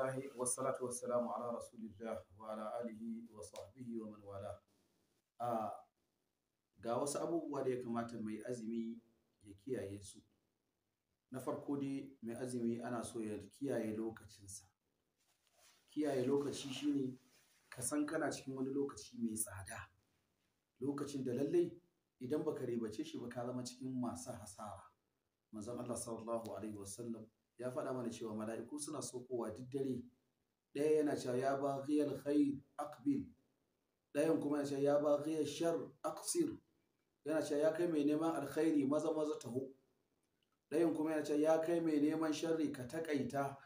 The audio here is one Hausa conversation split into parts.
alhamdulillah wassalatu wassalamu ala rasulillah wa ala alihi wa sahbihi wa man wala ga wasu abubuwa da ya kamata mai azumi ya kiyaye su na farko dai mai azumi ana so ya kiyaye lokacinsa kiyaye lokaci shine ka san kana cikin wani lokaci mai tsada lokacin da lallai idan baka ribace shi ba ka zama cikin masu hasara manzon Allah sallallahu alaihi wasallam ya faɗa mana cewa mala'iku suna sokowa duk dare ɗaya yana cewa ya ba ghiyal khair aqbil ɗayan kuma yana cewa ya ba ghiyal shar aqsir yana cewa ya kai mai neman alkhairi maza maza taho ɗayan kuma yana cewa ya kai mai neman sharri ka takaita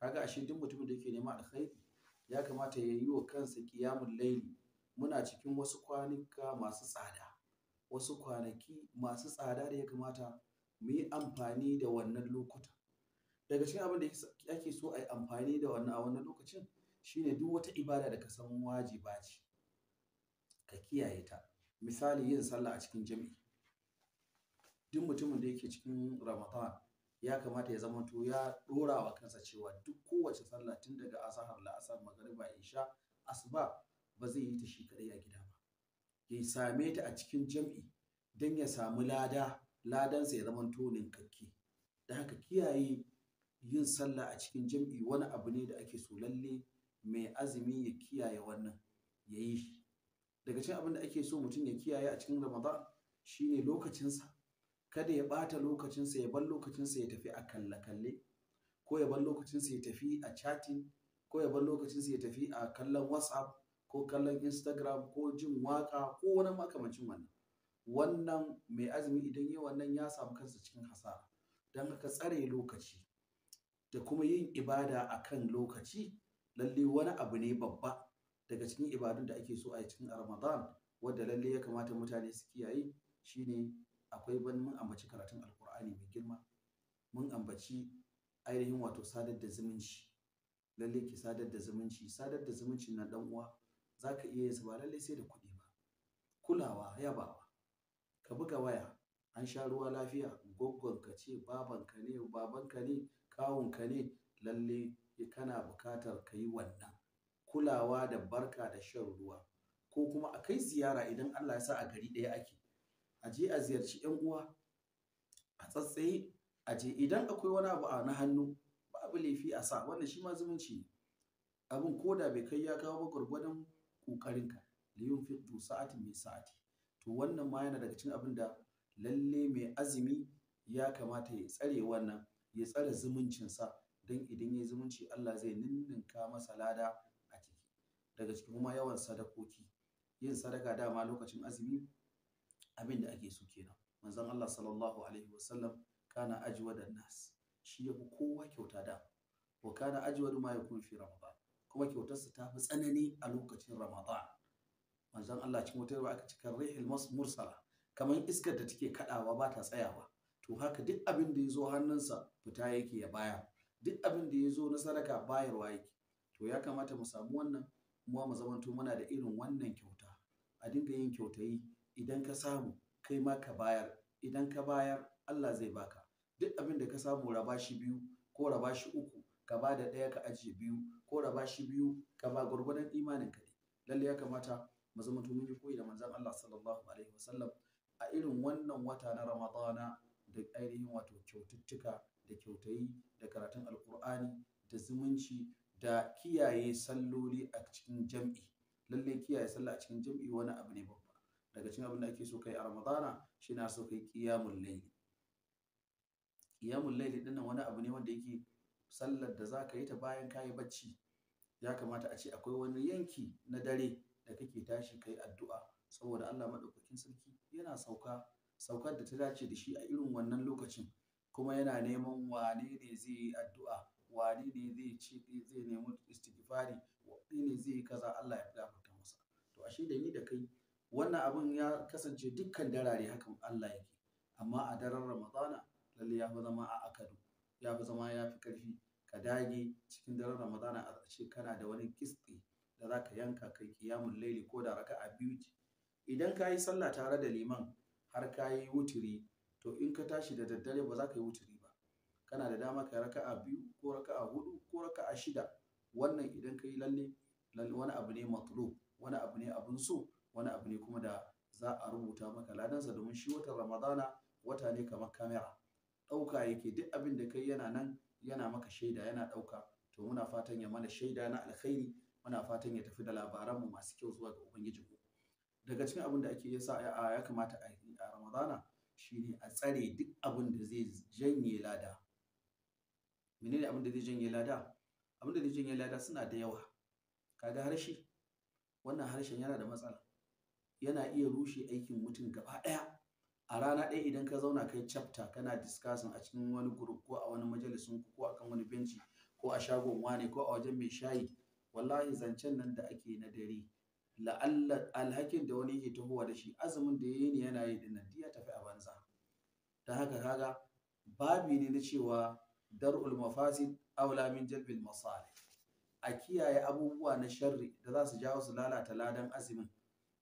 kaga ashe duk mutumin da yake neman alkhairi ya kamata ya yi wa kansa qiyamul layli muna cikin wasu kwanuka masu tsada wasu kwanaki masu tsada da ya kamata mu yi amfani da wannan lokuta daga cikin abin da ake so a yi amfani da wannan a wannan lokacin shine duk wata ibada da ka san wajiba ce ka kiyaye ta misali yin sallah a cikin jam'i duk mutumin da yake cikin ramadan ya kamata ya zamanto ya dora wa kansa cewa duk kowace sallah tun daga asahar la'asar magariba isha asuba ba zai yi ta shi kadai a gida ba ya same ta a cikin jam'i don ya samu lada ladansa ya zamanto ninkakke da haka kiyaye yin sallah a cikin jam'i wani abu ne da ake so lalle mai azumi ya kiyaye wannan ya yi shi daga cikin abin da ake so mutum ya kiyaye a cikin ramadan shine lokacinsa kada ya ɓata lokacinsa ya bar lokacinsa ya tafi a kalle-kalle ko ya bar lokacinsa ya tafi a chatting ko ya bar lokacinsa ya tafi a kallon whatsapp ko kallon instagram ko jin waka ko wani makamancin wannan wannan mai azumi idan yi wannan ya samu kansa cikin hasara don haka tsare lokaci da kuma yin ibada a kan lokaci lalle wani abu ne babba daga cikin ibadun da ake so a cikin ramadan wadda lalle ya kamata mutane su kiyaye shine akwai ban mun ambaci karatun alkur'ani mai girma mun ambaci ainihin wato sadar da zumunci lalle ki sadar da zumunci sadar da zumunci na dan uwa zaka iya yin ba lalle sai da kuɗi ba kulawa yabawa ka buga waya an sha ruwa lafiya goggon ka ce babanka ne babanka ne kawunka ne lalle kana bukatar ka yi wannan kulawa da barka da shan ruwa ko kuma a kai ziyara idan Allah ya sa a gari ɗaya ake a je a ziyarci 'yan uwa a tsatsaye a je idan akwai wani abu a na hannu babu laifi a sa wannan shi ma zumunci ne ko da bai kai ya kawo ba gwargwadon ƙoƙarinka liyun fitu sa'atin min sa'ati to wannan ma yana daga cikin abin da lalle mai azumi ya kamata ya tsare wannan ya tsare zumuncinsa don idan ya zumunci Allah zai ninninka masa lada a ciki daga ciki kuma yawan sadakoki yin sadaka dama lokacin azumi abin da ake so kenan manzon Allah sallallahu alaihi wasallam kana ajwada nas shi ya fi kowa kyauta da wa kana ajwadu ma kun fi ramadan kuma sa ta fi tsanani a lokacin ramadan manzon Allah cikin wata aka cika rihil mursala kamar iskar da take kadawa ba ta tsayawa to haka duk abin da ya zo hannunsa fita yake ya baya duk abin da ya zo na sadaka bayarwa yake to ya kamata mu samu wannan kuma mu zamanto muna da irin wannan kyauta a dinga yin kyautayi idan ka samu kai ma ka bayar idan ka bayar Allah zai baka duk abin da ka samu raba shi biyu ko raba shi uku ka ba da ɗaya ka ajiye biyu ko raba shi biyu ka ba gwargwadon imanin ka lalle ya kamata mu zamanto mun yi koyi da manzon Allah sallallahu alaihi wasallam a irin wannan wata na Ramadana da ainihin wato kyaututtuka da kyautayi da karatun alkur'ani da zumunci da kiyaye salloli a cikin jam'i lallai kiyaye sallah a cikin jam'i wani abu ne babba daga cikin abin da ake so kai a ramadana shi na so kai qiyamul layl qiyamul layl dinnan wani abu ne wanda yake sallar da zaka yi ta bayan ka yi bacci ya kamata a ce akwai wani yanki na dare da kake tashi kai addu'a saboda Allah madaukakin sarki yana sauka saukar da ta dace da shi a irin wannan lokacin kuma yana neman wane ne zai yi addu'a wane ne zai ci zai nemi istighfari wane ne zai yi kaza Allah ya gafarta masa to ashe da ni da kai wannan abin ya kasance dukkan darare hakan Allah yake amma a daren Ramadana lalle ya fi zama a akadu ya fi zama ya fi karfi ka dage cikin daren Ramadana a ce kana da wani kisti da za ka yanka kai kiyamun laili ko da raka'a biyu idan ka yi sallah tare da liman har ka yi wutiri to in ka tashi da daddare ba za ka yi wuturi ba kana da dama ka raka'a biyu ko raka'a hudu ko raka'a shida wannan idan ka yi lalle wani abu ne matlu wani abu ne abun so wani abu ne kuma da za a rubuta maka ladansa domin shi watan ramadana wata ne kamar kamera ɗauka yake duk abin da kai yana nan yana maka shaida yana ɗauka to muna fatan ya mana shaida na alkhairi muna fatan ya tafi da labaran mu masu kyau zuwa ga ubangijinmu daga cikin abin da ake yasa ya kamata a yi. Rana shine a tsare duk abin da zai janye lada menene abin da zai janye lada abin da zai janye lada suna da yawa kaga harshe wannan harshen yana da matsala yana iya rushe aikin mutum gaba ɗaya a rana ɗaya idan ka zauna kai chapter kana discussion a cikin wani group ko a wani majalisun ko a kan wani benci ko a shagon wane ko a wajen mai shayi wallahi zancen nan da ake na dare la'alla alhakin da wani yake tahowa da shi azumin da yayi ne yana yi dinnan ya tafi a banza ta haka kaga babi ne na cewa dar'ul mafasid aula min jalbil masalih a kiyaye abubuwa na sharri da za su jawo su lalata ladan azumin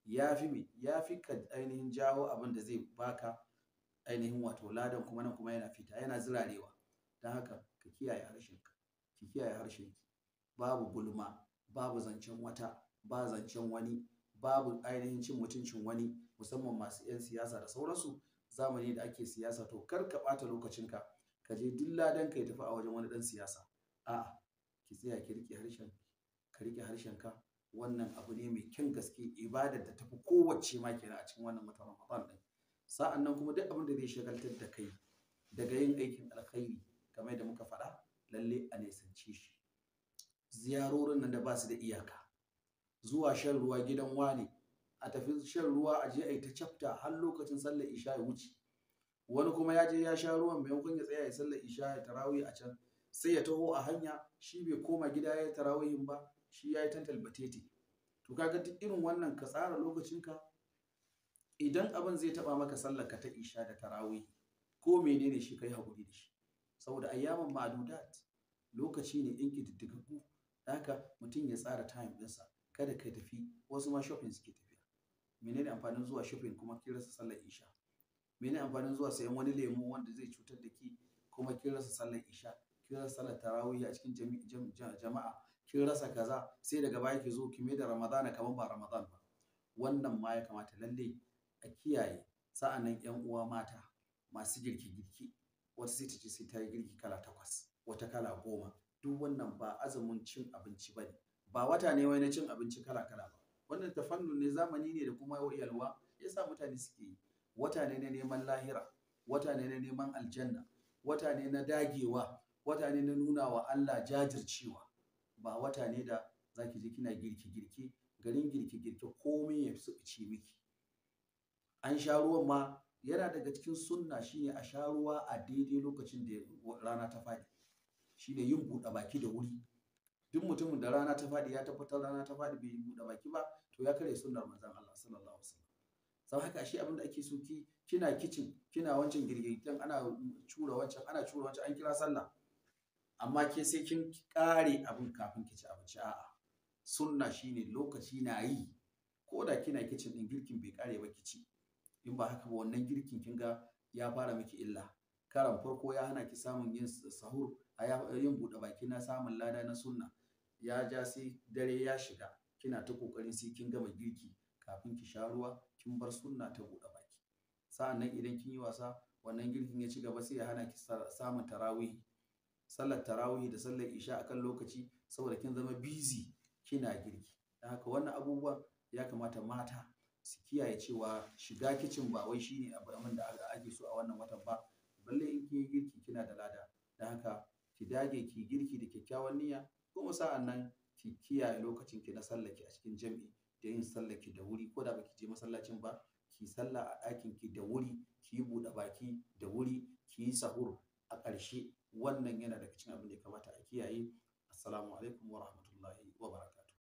ya ya fi ka ainihin jawo abin da zai baka ainihin wato ladan kuma nan kuma yana fita yana zirarewa ta haka ka kiyaye harshenka ki kiyaye harshenki babu gulma babu zancen wata ba zancen wani babu ainihin cin mutuncin wani musamman masu 'yan siyasa da sauransu zamani da ake siyasa to kar ka bata lokacinka ka je duk ladan ka tafi a wajen wani ɗan siyasa a'a ki tsaya ki rike harshen ka riƙe harshen ka wannan abu ne mai kyan gaske ibadar da tafi kowace ma kenan a cikin wannan mutanen Ramadan din sa'an nan kuma duk abin da zai shagaltar da kai daga yin aikin alkhairi kamar da muka faɗa lalle a nisanci shi ziyarorin nan da ba su da iyaka zuwa shan ruwa gidan wane a tafi shan ruwa a je a yi ta cafta har lokacin sallar isha ya wuce wani kuma ya je ya sha ruwan maimakon ya tsaya ya sallar isha ya tarawih a can sai ya taho a hanya shi bai koma gida ya tarawihin ba shi ya yi tantal batete to kaga duk irin wannan ka tsara lokacin ka? idan abin zai taba maka sallar ka ta isha da tarawih ko menene shi kai hakuri da shi saboda ayyaman ma'adudat lokaci ne in ki ku. haka mutum ya tsara time ɗinsa kada ka tafi wasu ma shopping suke tafiya menene amfanin zuwa shopping kuma kin rasa sallar isha menene amfanin zuwa sayan wani lemu wanda zai cutar da ki kuma kin rasa sallar isha kin rasa sallar tarawih a cikin jama'a kin rasa kaza sai daga baya ki zo ki mai da ramadana kamar ba ramadan ba wannan ma ya kamata lalle a kiyaye sa'annan yan uwa mata masu girki girki wata sai ta ce sai ta yi girki kala takwas wata kala goma duk wannan ba azumin cin abinci ba ne ba wata ne wai na cin abinci kala kala ba wannan tafannu ne zamani ne da kuma yalwa yasa mutane suke yi wata ne na neman lahira wata ne na neman aljanna wata ne na dagewa wata ne na nuna wa Allah jajircewa ba wata ne da zaki je kina girki girki garin girki girki komai ya fi ci miki an sha ruwan ma yana daga cikin sunna shine a sha ruwa a daidai lokacin da rana ta fadi shine yin buɗe baki da wuri duk mutumin da rana ta faɗi ya tabbatar rana ta faɗi bai buɗe baki ba to ya karya sunnar manzon Allah sallallahu alaihi wasallam sau haka shi abin da ake so ki kina kitchen kina wancan girgirgin ana cura wancan ana cura wancan an kira sallah amma ke sai kin kare abin kafin ki ci abinci a'a sunna shine lokaci na yi ko da kina kicin din girkin bai kare ba ki ci in ba haka ba wannan girkin kin ga ya fara miki illa karan farko ya hana ki samun yin sahur a yin buɗe baki na samun lada na sunna ya ja sai dare ya shiga kina ta kokarin sai kin gama girki kafin ki sha ruwa kin bar sunna ta buɗe baki sa'annan idan kin yi wasa wannan girkin ya ci gaba sai ya hana ki samun tarawihi sallar tarawihi da sallar isha akan lokaci saboda kin zama busy kina girki dan haka wannan abubuwa ya kamata mata su kiyaye cewa shiga kicin ba wai shine abin da ake so a wannan watan ba balle in kin yi girki kina da lada dan haka ki dage ki girki da kyakkyawan niyya kuma sa'an nan ki kiyaye lokacin ki na sallaki a cikin jam'i da yin sallaki da wuri ko da baki je masallacin ba ki sallah a ɗakin ki da wuri ki yi buɗe baki da wuri ki yi sahur a ƙarshe wannan yana daga cikin abin da ya kamata a kiyaye assalamu alaikum wa rahmatullahi wa barakatuh